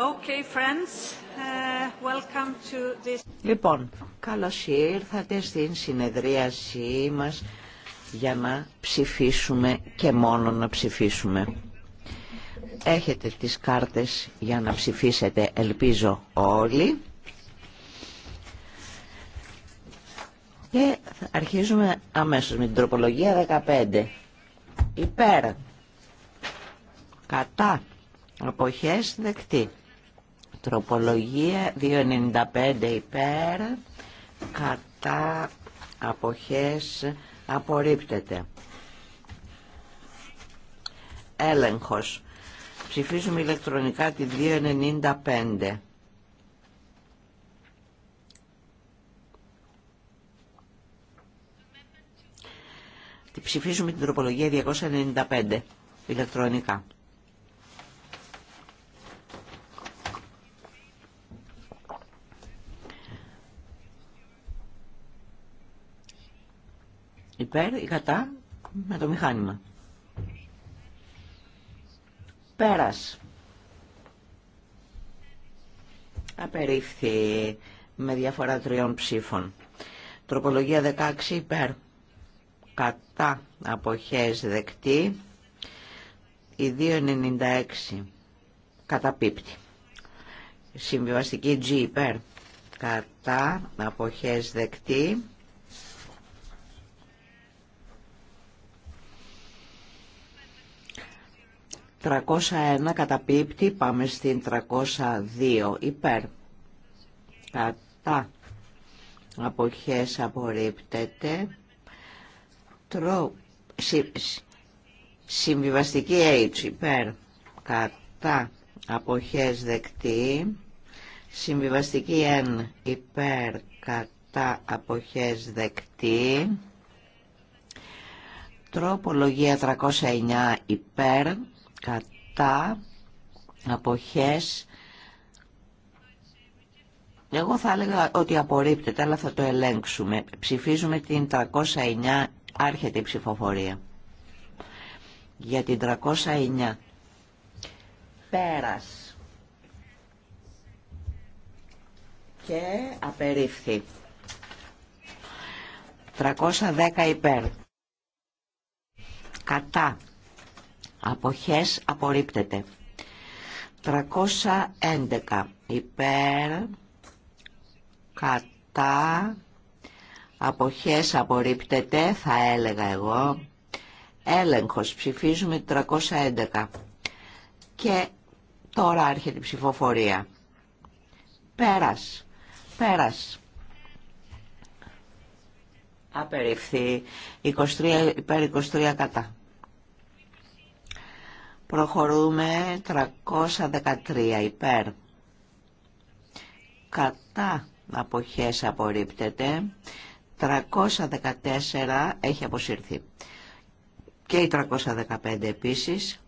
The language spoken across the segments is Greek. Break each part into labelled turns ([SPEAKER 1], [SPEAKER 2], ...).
[SPEAKER 1] Uh,
[SPEAKER 2] λοιπόν, καλώς ήρθατε στην συνεδρίασή μας για να ψηφίσουμε και μόνο να ψηφίσουμε. Έχετε τις κάρτες για να ψηφίσετε, ελπίζω όλοι. Και αρχίζουμε αμέσως με την τροπολογία 15. Υπέρ, κατά, αποχές δεκτή. Τροπολογία 295 υπέρ, κατά αποχές απορρίπτεται. Έλεγχος. Ψηφίζουμε ηλεκτρονικά τη 295. Τη ψηφίζουμε την τροπολογία 295 ηλεκτρονικά. υπέρ ή κατά με το μηχάνημα. Πέρας. Απερίφθη με διαφορά τριών ψήφων. Τροπολογία 16 υπέρ. Κατά αποχές δεκτή. Η 2.96 καταπίπτει. Συμβιβαστική G υπέρ. Κατά αποχές δεκτή. 301 καταπίπτει, πάμε στην 302 υπέρ. Κατά αποχές απορρίπτεται. Τρο... Συ... Συμβιβαστική H υπέρ. Κατά αποχές δεκτή. Συμβιβαστική N υπέρ. Κατά αποχές δεκτή. Τροπολογία 309 υπέρ κατά αποχές εγώ θα έλεγα ότι απορρίπτεται αλλά θα το ελέγξουμε ψηφίζουμε την 309 άρχεται η ψηφοφορία για την 309 πέρας και απερίφθη 310 υπέρ κατά Αποχές απορρίπτεται. 311 υπέρ κατά αποχές απορρίπτεται θα έλεγα εγώ έλεγχος ψηφίζουμε 311 και τώρα άρχεται η ψηφοφορία πέρας πέρας απεριφθεί 23 υπέρ 23 κατά Προχωρούμε 313 υπέρ. Κατά αποχές απορρίπτεται. 314 έχει αποσύρθει. Και η 315 επίσης.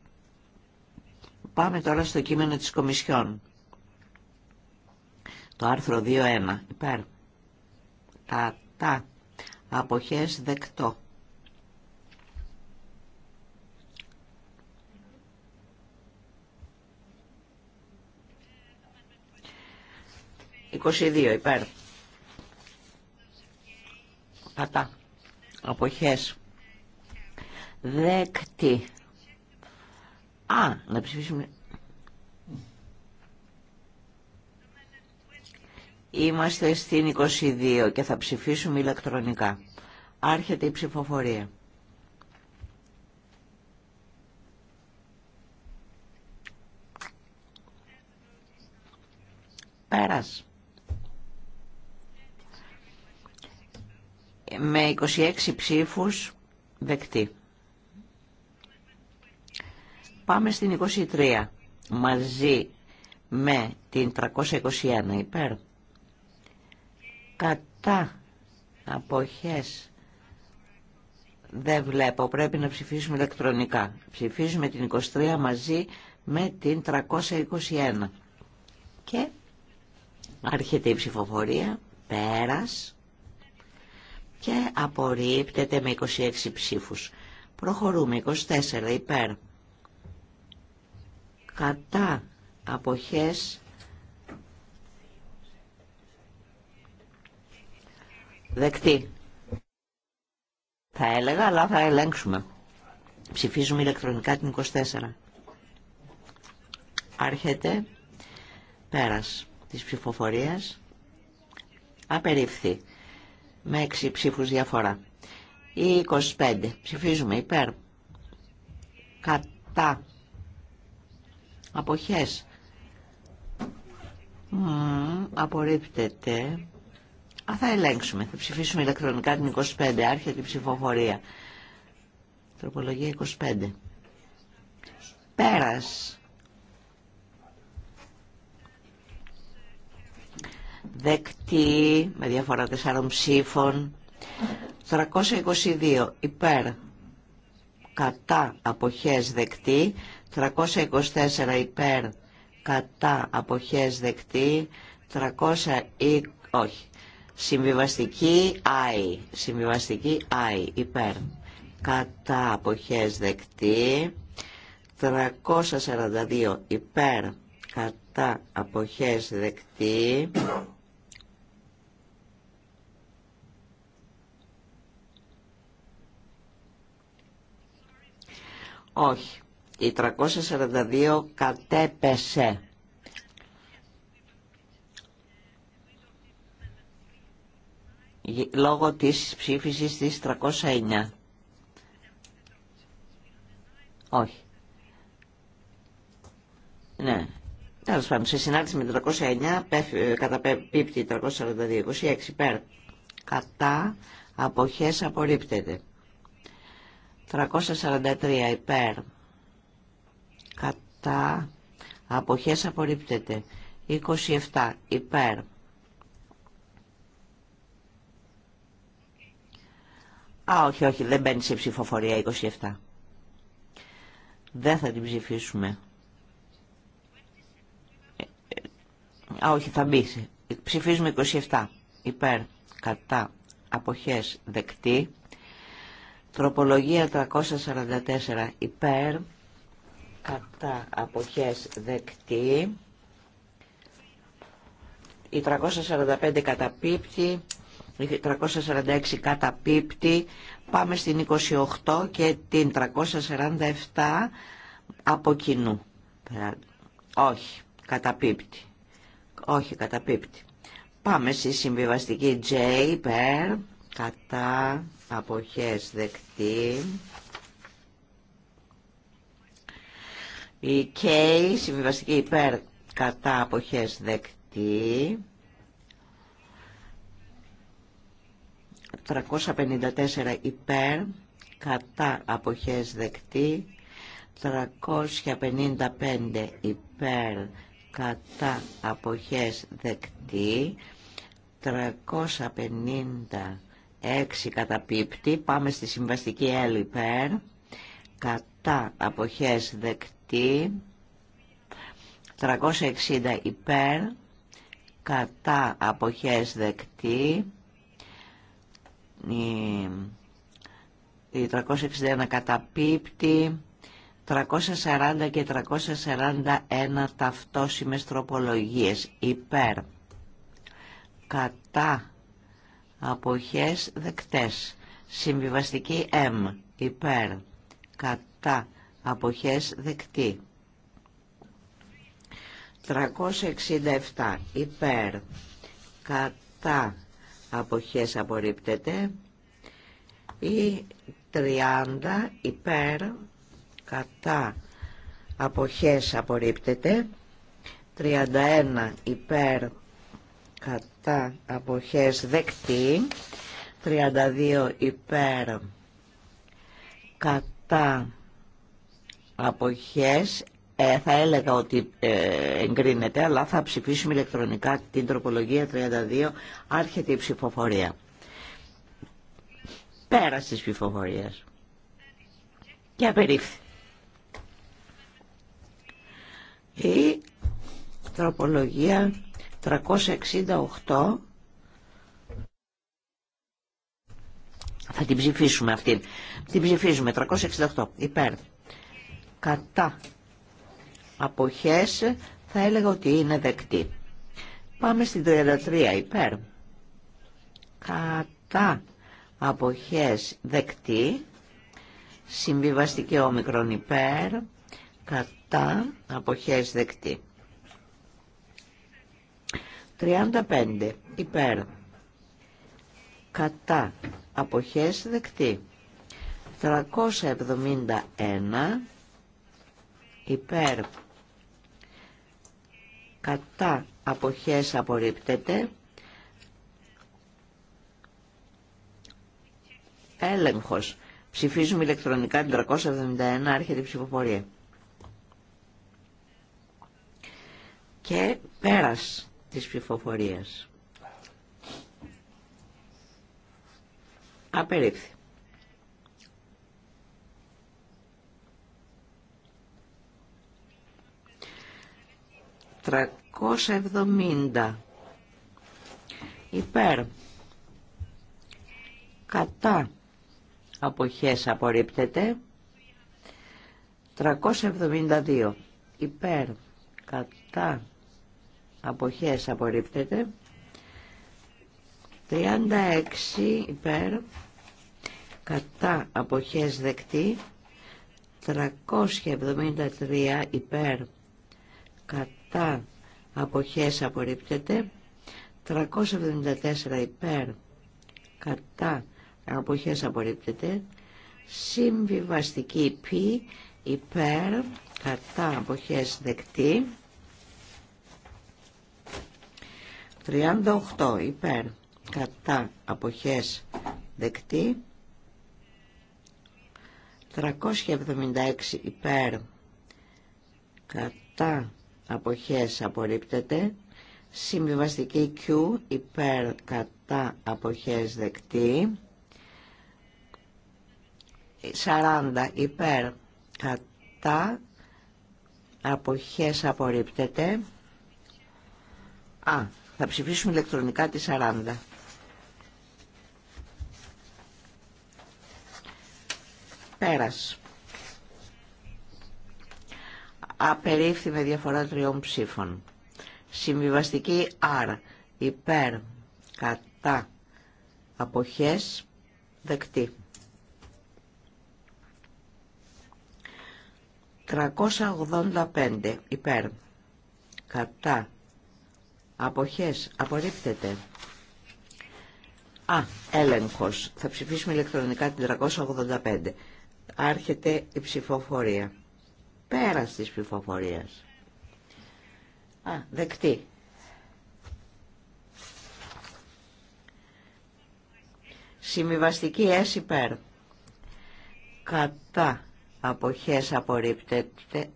[SPEAKER 2] Πάμε τώρα στο κείμενο της Κομισιόν. Το άρθρο 2.1 υπέρ. Κατά αποχές δεκτό. 22 υπέρ. Κατά. Αποχές. Δεκτή. Α, να ψηφίσουμε. Είμαστε στην 22 και θα ψηφίσουμε ηλεκτρονικά. Άρχεται η ψηφοφορία. Πέρας. με 26 ψήφους δεκτή. Πάμε στην 23 μαζί με την 321 υπέρ. Κατά αποχές δεν βλέπω. Πρέπει να ψηφίσουμε ηλεκτρονικά. Ψηφίζουμε την 23 μαζί με την 321. Και άρχεται η ψηφοφορία. Πέρας και απορρίπτεται με 26 ψήφους. Προχωρούμε 24 υπέρ. Κατά αποχές δεκτή. Θα έλεγα, αλλά θα ελέγξουμε. Ψηφίζουμε ηλεκτρονικά την 24. Άρχεται πέρας της ψηφοφορίας. Απερίφθη με έξι ψήφους διαφορά. Ή 25. Ψηφίζουμε υπέρ. Κατά. Αποχές. Μ, απορρίπτεται. Α, θα ελέγξουμε. Θα ψηφίσουμε ηλεκτρονικά την 25. Άρχεται η ψηφοφορία. Τροπολογία 25. Πέρας. δεκτή με διαφορά τεσσάρων ψήφων 322 υπέρ κατά αποχές δεκτή 324 υπέρ κατά αποχές δεκτή 320 όχι συμβιβαστική αι συμβιβαστική αι υπέρ κατά αποχές δεκτή 342 υπέρ κατά αποχές δεκτή Όχι. Η 342 κατέπεσε. Λόγω της ψήφισης της 309. Όχι. Ναι. Τέλο πάντων, σε συνάρτηση με το 309, ε, καταπίπτει 342, 26 υπέρ. Κατά αποχές απορρίπτεται. 343 υπέρ κατά αποχές απορρίπτεται 27 υπέρ Α, όχι, όχι, δεν μπαίνει σε ψηφοφορία 27. Δεν θα την ψηφίσουμε. Ε, ε, α, όχι, θα μπει. Ψηφίζουμε 27. Υπέρ, κατά, αποχές, δεκτή. Τροπολογία 344 υπέρ, κατά αποχές δεκτή. Η 345 καταπίπτει, η 346 καταπίπτει. Πάμε στην 28 και την 347 από κοινού. Όχι, καταπίπτει. Όχι, καταπίπτει. Πάμε στη συμβιβαστική J, υπέρ, κατά, αποχές δεκτή. Η K, συμβιβαστική υπέρ, κατά αποχές δεκτή. 354 υπέρ, κατά αποχές δεκτή. 355 υπέρ, κατά αποχές δεκτή. 350 6 καταπίπτει. Πάμε στη συμβαστική L υπέρ. Κατά αποχές δεκτή. 360 υπέρ. Κατά αποχές δεκτή. Η 361 καταπίπτει. 340 και 341 ταυτόσιμες τροπολογίες υπέρ. Κατά αποχές δεκτές. Συμβιβαστική M, υπέρ, κατά, αποχές δεκτή. 367, υπέρ, κατά, αποχές απορρίπτεται. Ή 30, υπέρ, κατά, αποχές απορρίπτεται. 31, υπέρ, κατά αποχές δεκτή 32 υπέρ κατά αποχές ε, θα έλεγα ότι ε, εγκρίνεται αλλά θα ψηφίσουμε ηλεκτρονικά την τροπολογία 32 άρχεται η ψηφοφορία πέρα της ψηφοφορίας και απερίφθη η τροπολογία 368 θα την ψηφίσουμε αυτή. Την ψηφίζουμε 368 υπέρ. Κατά αποχές θα έλεγα ότι είναι δεκτή. Πάμε στην 23 υπέρ. Κατά αποχές δεκτή. Συμβιβαστική όμικρον υπέρ. Κατά αποχές δεκτή. 35 υπέρ κατά αποχές δεκτή 371 υπέρ κατά αποχές απορρίπτεται έλεγχος ψηφίζουμε ηλεκτρονικά την 371 άρχεται η ψηφοφορία και πέρας της ψηφοφορίας. Απερίφθη. Τρακόσα εβδομήντα. Υπέρ. Κατά. Αποχές απορρίπτεται. 372. Υπέρ. Κατά αποχές απορρίπτεται 36 υπέρ κατά αποχές δεκτή 373 υπέρ κατά αποχές απορρίπτεται 374 υπέρ κατά αποχές απορρίπτεται συμβιβαστική π υπέρ κατά αποχές δεκτή 38 υπέρ κατά αποχές δεκτή 376 υπέρ κατά αποχές απορρίπτεται συμβιβαστική Q υπέρ κατά αποχές δεκτή 40 υπέρ κατά αποχές απορρίπτεται Α, θα ψηφίσουμε ηλεκτρονικά τη 40. Πέρας. Απερίφθη με διαφορά τριών ψήφων. Συμβιβαστική R. Υπέρ. Κατά. Αποχές. Δεκτή. 385 υπέρ κατά Αποχές. Απορρίπτεται. Α, έλεγχος. Θα ψηφίσουμε ηλεκτρονικά την 385. Άρχεται η ψηφοφορία. Πέρας της ψηφοφορίας. Α, δεκτή. Συμβιβαστική S υπέρ. Κατά αποχές απορρίπτεται.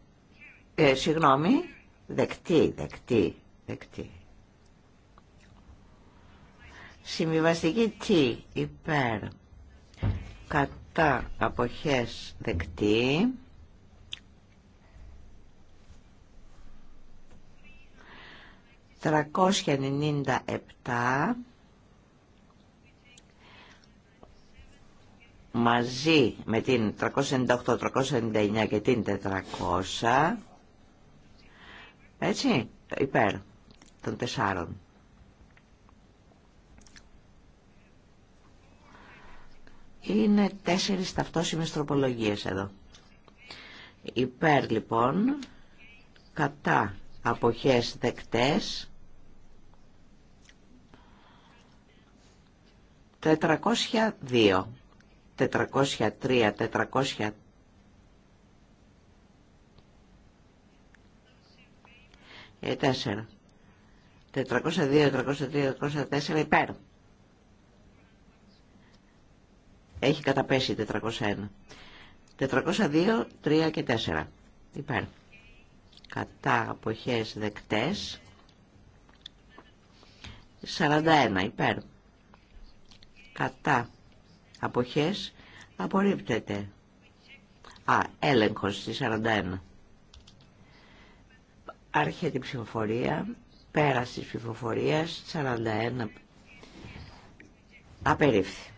[SPEAKER 2] Ε, συγγνώμη. Δεκτή, δεκτή, δεκτή. Συμβιβαστική τι υπέρ κατά αποχές δεκτή. 397 μαζί με την 398, 399 και την 400 έτσι υπέρ των τεσσάρων Είναι τέσσερις ταυτόσιμες τροπολογίες εδώ. Υπέρ λοιπόν, κατά αποχές δεκτές, 402, 403, 404, 402, 403, 404 υπέρ. Έχει καταπέσει 401. 402, 3 και 4. Υπέρ. Κατά αποχές δεκτές. 41 υπέρ. Κατά αποχές απορρίπτεται. Α, έλεγχος στη 41. Άρχεται η ψηφοφορία, πέραση της ψηφοφορίας, 41, απερίφθη.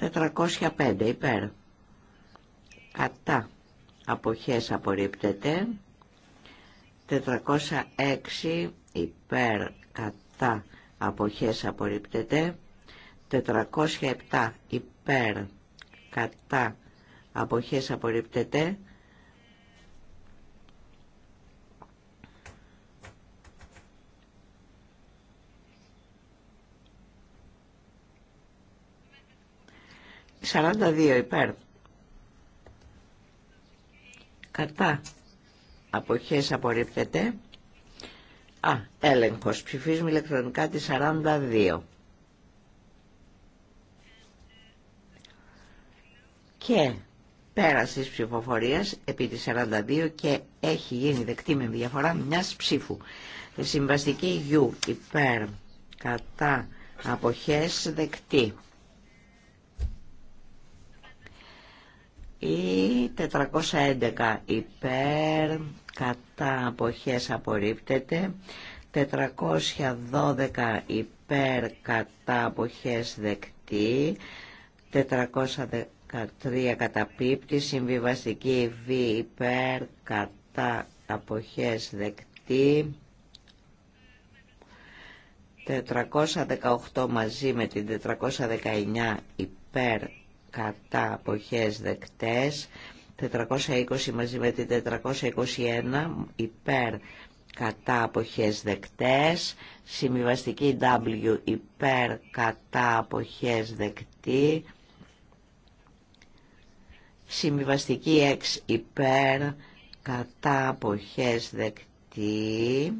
[SPEAKER 2] 405 υπέρ. Κατά. Αποχές απορρίπτεται. 406 υπέρ. Κατά. Αποχές απορρίπτεται. 407 υπέρ. Κατά. Αποχές απορρίπτεται. 42 υπέρ. Κατά. Αποχές απορρίπτεται. Α, έλεγχος. Ψηφίζουμε ηλεκτρονικά τη 42. Και πέρασε της ψηφοφορίας επί τη 42 και έχει γίνει δεκτή με διαφορά μιας ψήφου. Συμβαστική γιου υπέρ κατά αποχές δεκτή. ή 411 υπέρ κατά αποχές απορρίπτεται 412 υπέρ κατά αποχές δεκτή 413 καταπίπτει συμβιβαστική β υπέρ κατά αποχές δεκτή 418 μαζί με την 419 υπέρ κατά αποχές δεκτές 420 μαζί με την 421 υπέρ κατά αποχές δεκτές συμβιβαστική W υπέρ κατά αποχές δεκτή συμβιβαστική X υπέρ κατά αποχές δεκτή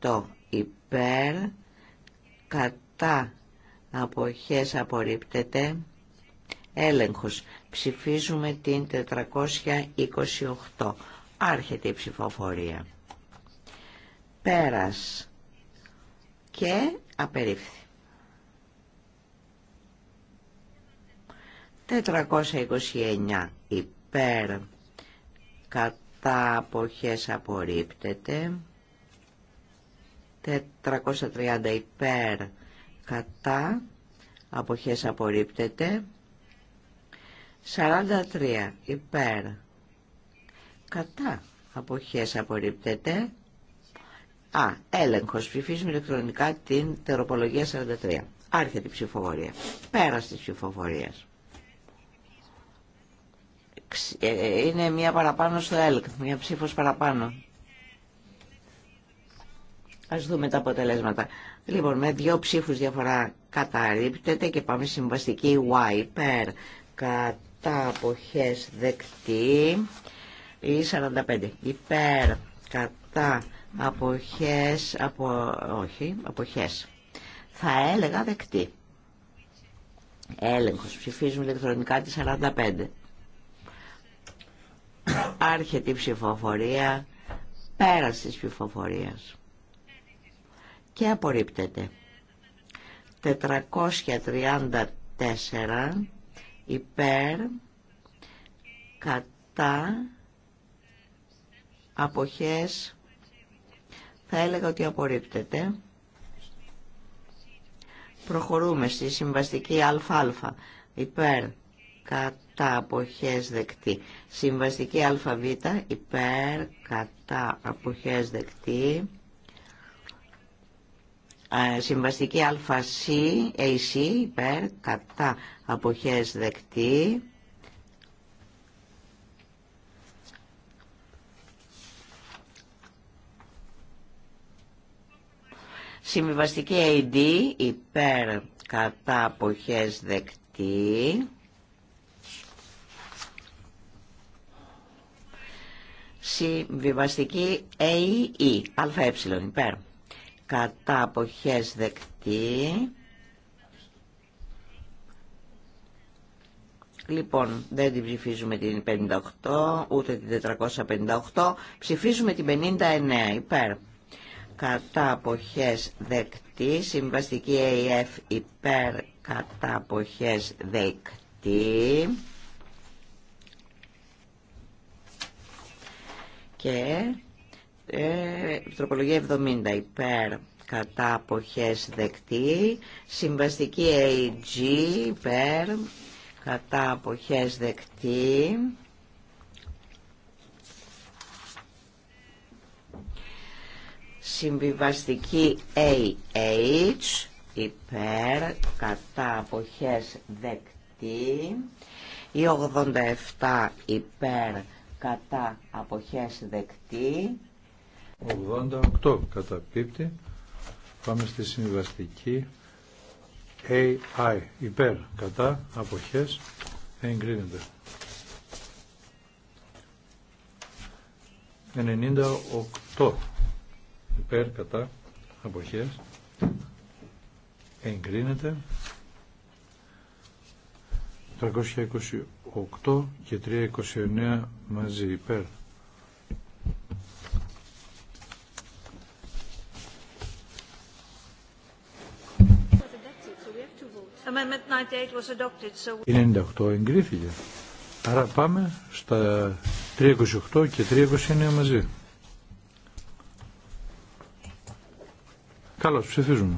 [SPEAKER 2] 428 υπέρ κατά αποχές απορρίπτεται έλεγχος ψηφίζουμε την 428 άρχεται η ψηφοφορία πέρας και απερίφθη 429 υπέρ κατά αποχές απορρίπτεται 430 υπέρ κατά αποχές απορρίπτεται 43 υπέρ κατά αποχές απορρίπτεται Α, έλεγχος ψηφίζουμε ηλεκτρονικά την τεροπολογία 43 άρχεται η ψηφοφορία πέρας της ψηφοφορίας ε, ε, είναι μία παραπάνω στο έλεγχο, μία ψήφος παραπάνω. Ας δούμε τα αποτελέσματα. Λοιπόν, με δύο ψήφου διαφορά καταρρύπτεται και πάμε συμβαστική Y υπέρ κατά αποχέ δεκτή ή 45 υπέρ κατά αποχέ. απο, όχι, αποχές θα έλεγα δεκτή Έλεγχο. ψηφίζουμε ηλεκτρονικά τη 45 άρχεται η ψηφοφορία πέρας τη ψηφοφορία και απορρίπτεται. 434 υπέρ κατά αποχές θα έλεγα ότι απορρίπτεται. Προχωρούμε στη συμβαστική ΑΑ υπέρ κατά αποχές δεκτή. Συμβαστική ΑΒ υπέρ κατά αποχές δεκτή. Ε, συμβαστική ΑΣΥ, AC, ε υπέρ, κατά, αποχές δεκτή. Συμβιβαστική AD, ε υπέρ, κατά, αποχές δεκτή. Συμβιβαστική AE, αε, υπέρ κατά αποχές δεκτή. Λοιπόν, δεν την ψηφίζουμε την 58, ούτε την 458, ψηφίζουμε την 59 υπέρ. Κατά αποχές δεκτή, συμβαστική ΑΕΦ υπέρ κατά αποχές δεκτή. Και ε, τροπολογία 70 υπέρ κατά αποχές δεκτή. Συμβαστική AG υπέρ κατά αποχές δεκτή. Συμβιβαστική AH υπέρ κατά αποχές δεκτή. Η 87 υπέρ κατά αποχές
[SPEAKER 3] δεκτή. 88 κατά πίπτη, Πάμε στη συμβαστική AI. Υπέρ, κατά, αποχές, εγκρίνεται. 98 υπέρ, κατά, αποχές, εγκρίνεται. 328 και 329 μαζί υπέρ, 98 εγκρίθηκε. Άρα πάμε στα 328 και 329 μαζί. Καλώς ψηφίζουμε.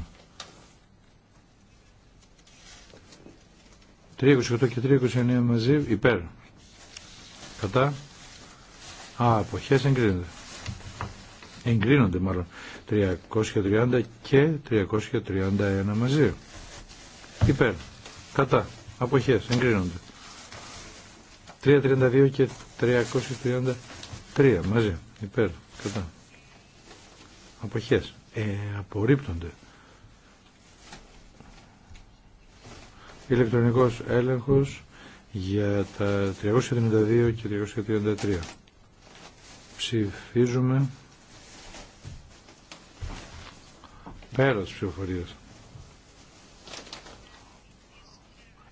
[SPEAKER 3] 328 και 329 μαζί υπέρ. Κατά. Α, αποχές εγκρίνονται. Εγκρίνονται μάλλον. 330 και 331 μαζί. Υπέρ. Κατά. Αποχές. Εγκρίνονται. 332 και 333 μαζί. Υπέρ. Κατά. Αποχές. Ε, απορρίπτονται. Ηλεκτρονικός έλεγχος για τα 332 και 333. Ψηφίζουμε. Πέρας ψηφοφορίας.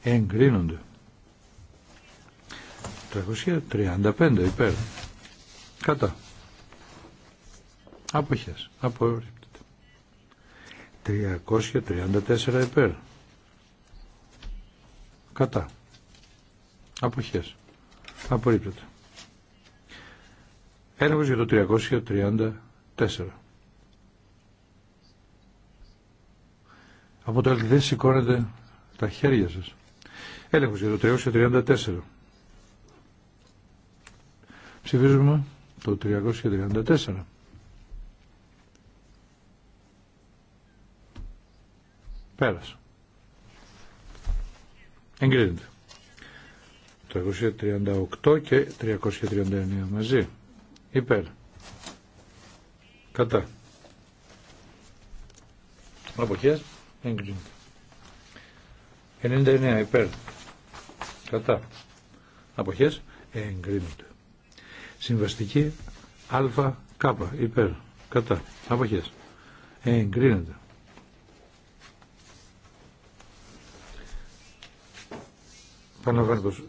[SPEAKER 3] εγκρίνονται 335 υπέρ κατά αποχές απορρίπτεται 334 υπέρ κατά αποχές απορρίπτεται έλεγχος για το 334 από το δεν σηκώνετε τα χέρια σας. Έλεγχος για το 334. Ψηφίζουμε το 334. Πέρασε. Εγκρίνεται. 338 και 339 μαζί. Υπέρ. Κατά. Αποχές. Εγκρίνεται. 99 υπέρ κατά αποχές εγκρίνονται. Συμβαστική α κάπα υπέρ κατά αποχές εγκρίνεται. Παναβάρτος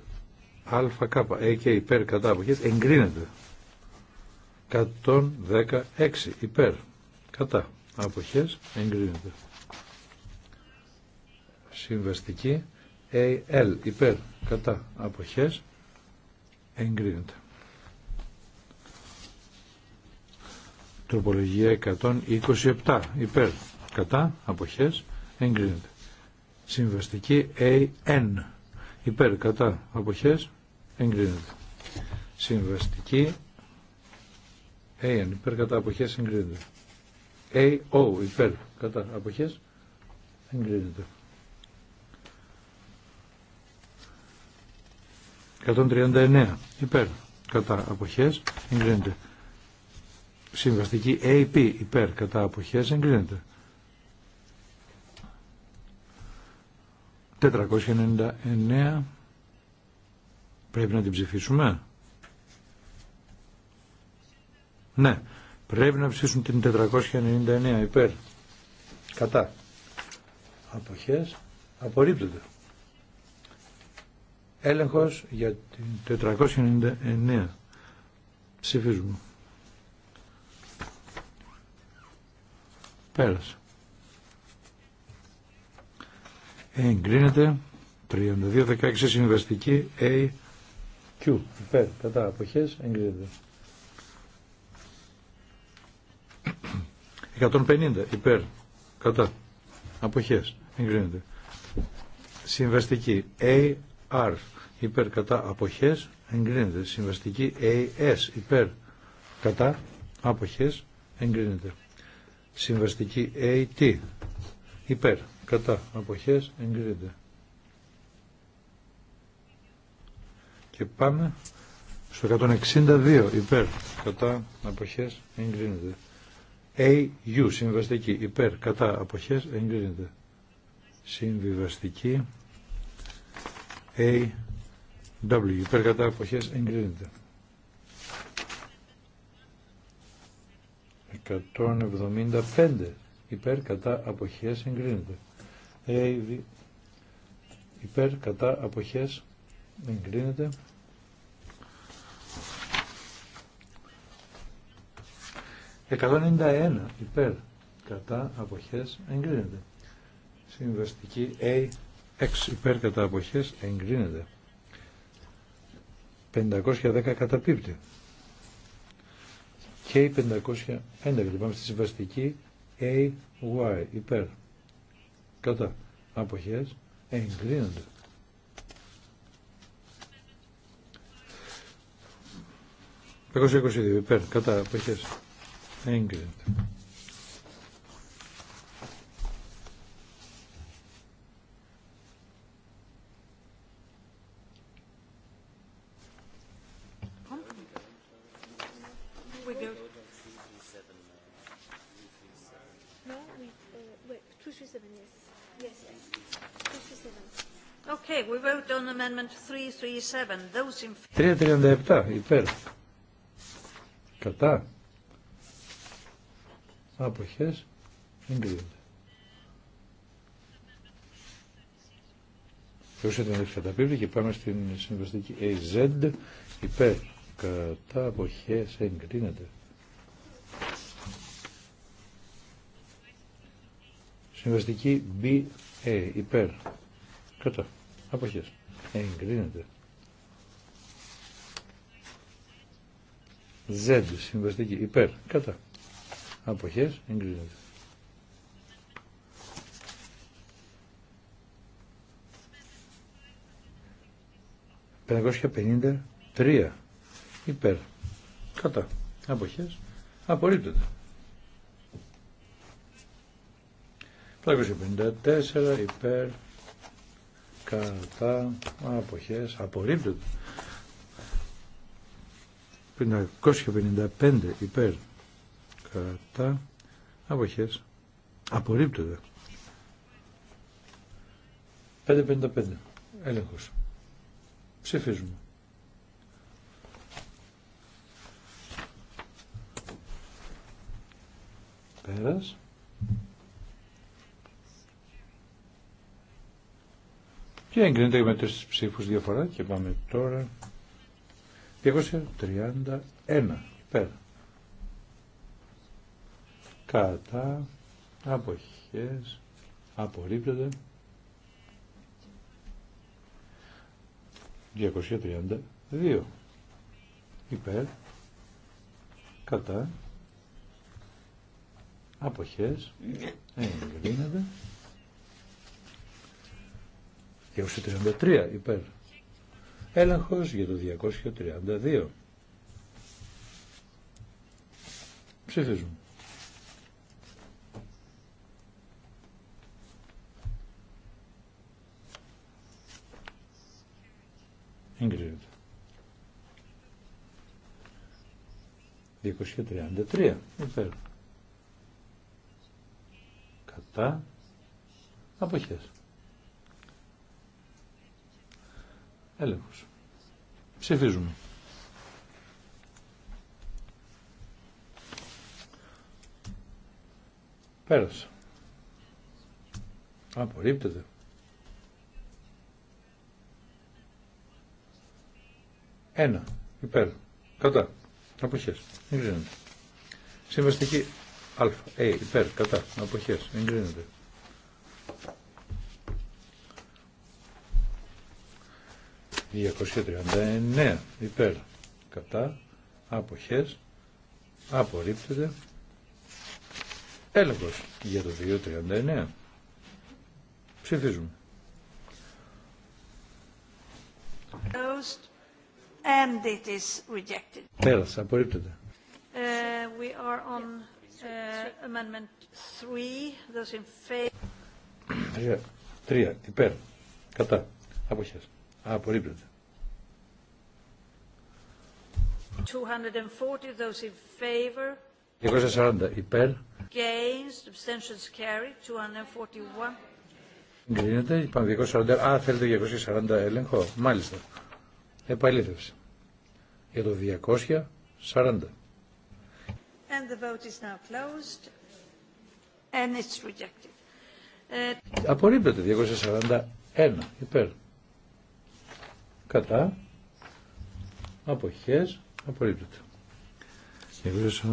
[SPEAKER 3] α κάπα ε υπέρ κατά αποχές εγκρίνεται. 116 υπέρ κατά αποχές εγκρίνεται. Συμβαστική AL υπέρ κατά αποχές εγκρίνεται. Τροπολογία 127 υπέρ κατά αποχές εγκρίνεται. Συμβαστική AN υπέρ κατά αποχές εγκρίνεται. Συμβαστική ΑΕΝ υπέρ κατά αποχές εγκρίνεται. AO υπέρ κατά αποχές εγκρίνεται. 139 υπέρ κατά αποχές εγκρίνεται. Συμβαστική AP υπέρ κατά αποχές εγκρίνεται. 499 πρέπει να την ψηφίσουμε. Ναι, πρέπει να ψηφίσουν την 499 υπέρ. Κατά. Αποχές απορρίπτεται. Έλεγχος για την 499. Ψηφίζουμε. Πέρασε. Εγκρίνεται 32-16 συμβαστική A Q. Υπέρ. Κατά αποχές εγκρίνεται. 150 υπέρ. Κατά. Αποχές. Εγκρίνεται. Συμβαστική A R υπέρ κατά αποχές εγκρίνεται. Συμβαστική AS υπέρ κατά αποχές εγκρίνεται. Συμβαστική AT υπέρ κατά αποχές εγκρίνεται. Και πάμε στο 162 υπέρ κατά αποχές εγκρίνεται. AU συμβαστική υπέρ κατά αποχές εγκρίνεται. Συμβιβαστική A Υπέρ κατά αποχές εγκρίνεται. 175. Υπέρ κατά αποχές εγκρίνεται. AV. Υπέρ κατά αποχές εγκρίνεται. 191 υπέρ κατά αποχές εγκρίνεται. Συμβαστική A 6 υπέρ κατά αποχές εγκρίνεται. 510 καταπίπτει. Και η 511 Λοιπόν, στη συμβαστική AY υπέρ κατά αποχές εγκρίνεται. 522 υπέρ κατά αποχές εγκρίνεται.
[SPEAKER 1] Okay, we vote on amendment 337. Those in...
[SPEAKER 3] 337 υπέρ. Κατά. Αποχές. Εγκρίνεται. 337 καταπίπτη και πάμε στην συμβαστική AZ υπέρ. Κατά αποχές εγκρίνεται. Συμβαστική BA υπέρ. Κατά Αποχές. Εγκρίνεται. Z συμβαστική υπέρ. Κατά. Αποχές. Εγκρίνεται. 553. υπέρ. Κατά. Αποχές. Απορρίπτεται. 554 υπέρ κατά αποχές Απορρίπτωται. 555 υπέρ κατά αποχές απορρίπτεται 555 έλεγχος ψηφίζουμε πέρας Και εγκρίνεται με τρει ψήφου διαφορά και πάμε τώρα 231 πέρα. Κατά αποχές απορρίπτεται 232 υπέρ κατά αποχές εγκρίνεται 233 υπέρ. Έλεγχος για το 232. Ψηφίζουμε. Εγκρίνεται. 233 υπέρ. Κατά αποχές. Έλεγχος. Ψηφίζουμε. Πέρασα. Απορρίπτεται. Ένα. Υπέρ. Κατά. Αποχές. Εγκρίνεται. Συμβαστική α. Ε. Υπέρ. Κατά. Αποχές. Εγκρίνεται. 239 υπέρ κατά αποχές απορρίπτεται έλεγχος για το 239 ψηφίζουμε
[SPEAKER 1] and it is rejected.
[SPEAKER 3] Πέρασε, απορρίπτεται.
[SPEAKER 1] Uh, we are on uh, amendment 3, those in favor.
[SPEAKER 3] 3, υπέρ, κατά, αποχές Απορρίπτεται.
[SPEAKER 1] 240 those in favor. 240 υπέρ. Against, abstentions carried, 241.
[SPEAKER 3] Εγκρίνεται, είπαμε 240. Α, θέλετε 240 έλεγχο. Μάλιστα. Επαλήθευση. Για το 240.
[SPEAKER 1] And the vote is now closed. And it's rejected. Ε,
[SPEAKER 3] Απορρίπτεται 241 υπέρ κατά αποχές απορρίπτεται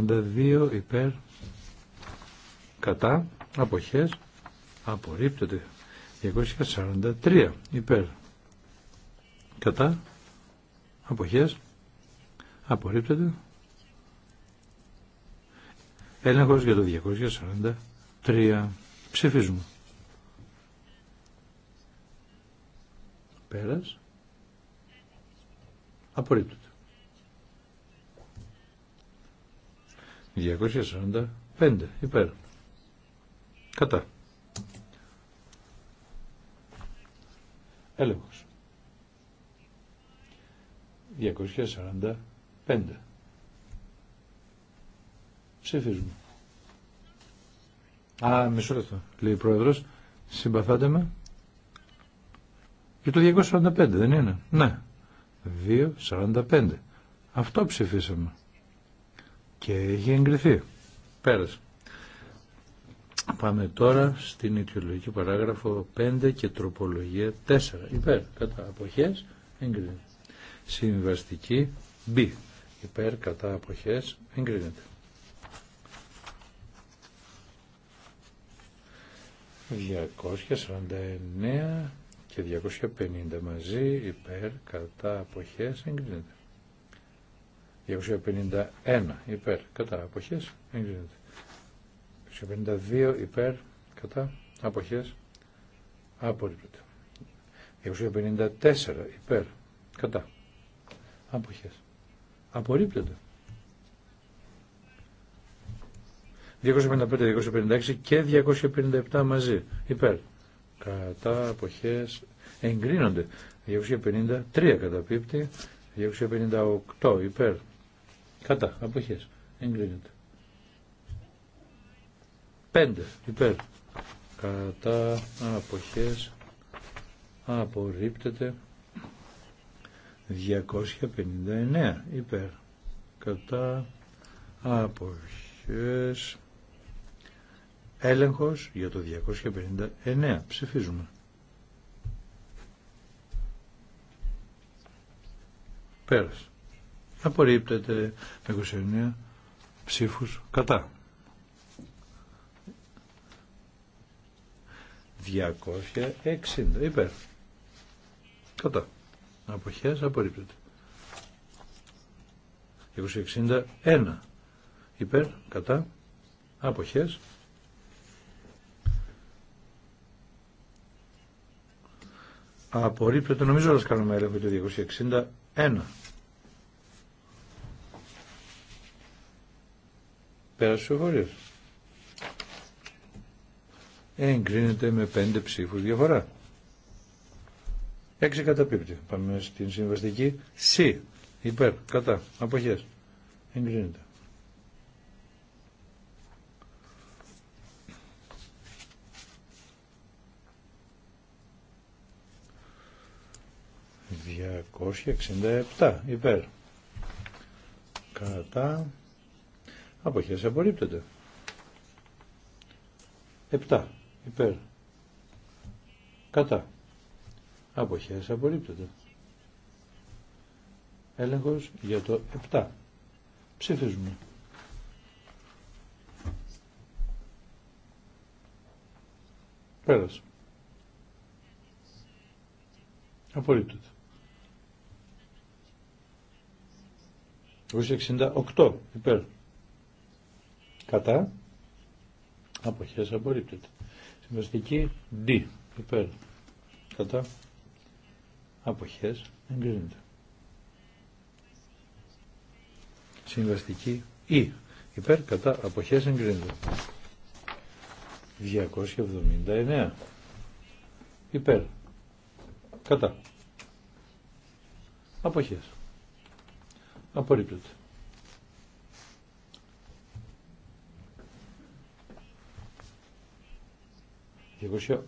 [SPEAKER 3] 242 υπέρ κατά αποχές απορρίπτεται 243 υπέρ κατά αποχές απορρίπτεται έλεγχος για το 243 ψηφίζουμε πέρας Απορρίπτεται. 245 υπέρ. Κατά. Έλεγχος. 245. Ψηφίζουμε. Α, μισό λεπτό, λέει ο Πρόεδρος. Συμπαθάτε με. Και το 245 δεν είναι. Ναι. 2.45. Αυτό ψηφίσαμε. Και έχει εγκριθεί. Πέρασε. Πάμε τώρα στην αιτιολογική παράγραφο 5 και τροπολογία 4. Υπέρ, κατά αποχές, εγκρίνεται. Συμβαστική B. Υπέρ, κατά αποχές, εγκρίνεται. 249 και 250 μαζί υπέρ κατά αποχές εγκρίνεται. 251 υπέρ κατά αποχές εγκρίνεται. 252 υπέρ κατά αποχές απορρίπτεται. 254 υπέρ κατά αποχές απορρίπτεται. 255, 256 και 257 μαζί υπέρ κατά αποχές εγκρίνονται 253 καταπίπτει 258 υπέρ κατά αποχές εγκρίνονται, 5 υπέρ κατά αποχές απορρίπτεται 259 υπέρ κατά αποχές Έλεγχος για το 259. Ψηφίζουμε. Πέρας. Απορρίπτεται με 29 ψήφους κατά. 260 υπέρ. Κατά. Αποχές απορρίπτεται. 261 υπέρ, κατά, αποχές Απορρίπτεται, νομίζω όλος κάνουμε έλεγχο το 261. Πέρασε ο φορείος. Εγκρίνεται με πέντε ψήφους διαφορά. 6 καταπίπτει. Πάμε στην συμβαστική Συ, Υπέρ, κατά, αποχές. Εγκρίνεται. 1967 υπέρ. Κατά. Αποχές απορρίπτεται. 7 υπέρ. Κατά. Αποχές απορρίπτεται. Έλεγχος για το 7. Ψηφίζουμε. Πέρασε. Απορρίπτεται. 68 υπέρ. Κατά. Αποχές απορρίπτεται. Συμβαστική D υπέρ. Κατά. Αποχές εγκρίνεται. Συμβαστική E υπέρ. Κατά. Αποχές εγκρίνεται. 279 υπέρ. Κατά. Αποχές. Απορρίπτεται. Διακοσία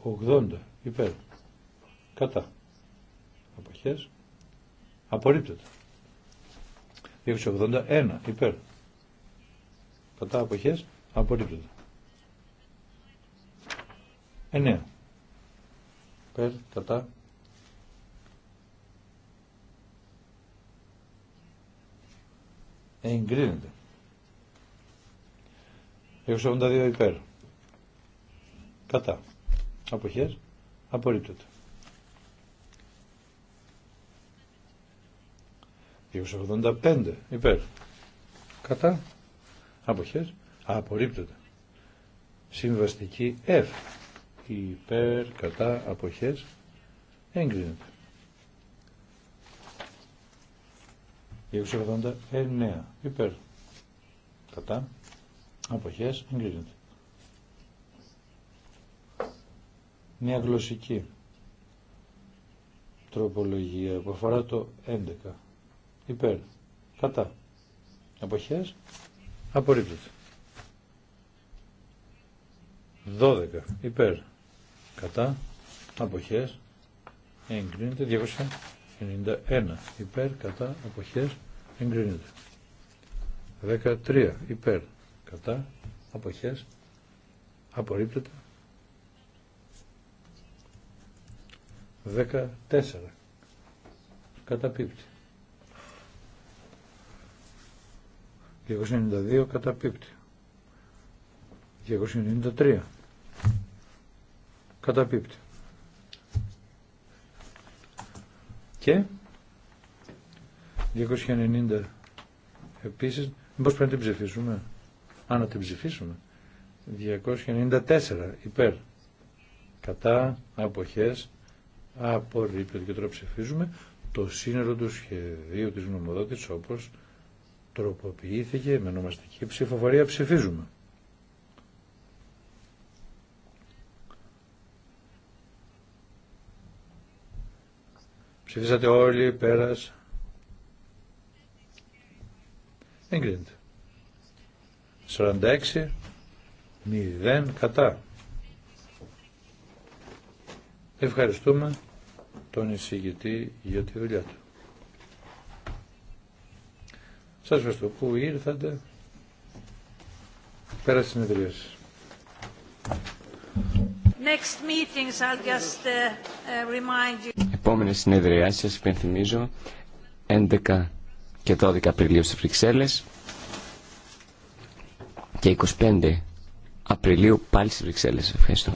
[SPEAKER 3] υπέρ. Κατά. Αποχές. Απορρίπτεται. 281 υπέρ. Κατά αποχές απορρίπτεται. 9. Υπέρ, κατά, εγκρίνεται. 282 υπέρ. Κατά. Αποχές. Απορρίπτεται. 285 υπέρ. Κατά. Αποχές. Απορρίπτεται. Συμβαστική F. Υπέρ. Κατά. Αποχές. Εγκρίνεται. 289. υπέρ κατά αποχές εγκρίνεται. Μια γλωσσική τροπολογία που αφορά το 11 υπέρ κατά αποχές απορρίπτεται. 12 υπέρ κατά αποχές εγκρίνεται 200 91 υπέρ κατά αποχές εγκρίνεται. 13 υπέρ κατά αποχές απορρίπτεται. 14 καταπίπτει. 292 καταπίπτει. 293 καταπίπτει. Και 290 επίσης, μήπως πρέπει να την ψηφίσουμε. Αν να την ψηφίσουμε. 294 υπέρ. Κατά αποχές απορρίπτεται και τώρα ψηφίζουμε το σύνολο του σχεδίου της νομοδότης όπως τροποποιήθηκε με νομαστική ψηφοφορία ψηφίζουμε. Ψηφίσατε όλοι, πέρας. Εγκρίνεται. 46, 0, κατά. Ευχαριστούμε τον εισηγητή για τη δουλειά του. Σας ευχαριστώ που ήρθατε πέρα στις συνεδρίες.
[SPEAKER 1] Next meetings, I'll just uh, uh remind you
[SPEAKER 2] επόμενη συνεδριά σας υπενθυμίζω, 11 και 12 Απριλίου στις Βρυξέλλες και 25 Απριλίου πάλι στις Βρυξέλλες. Ευχαριστώ.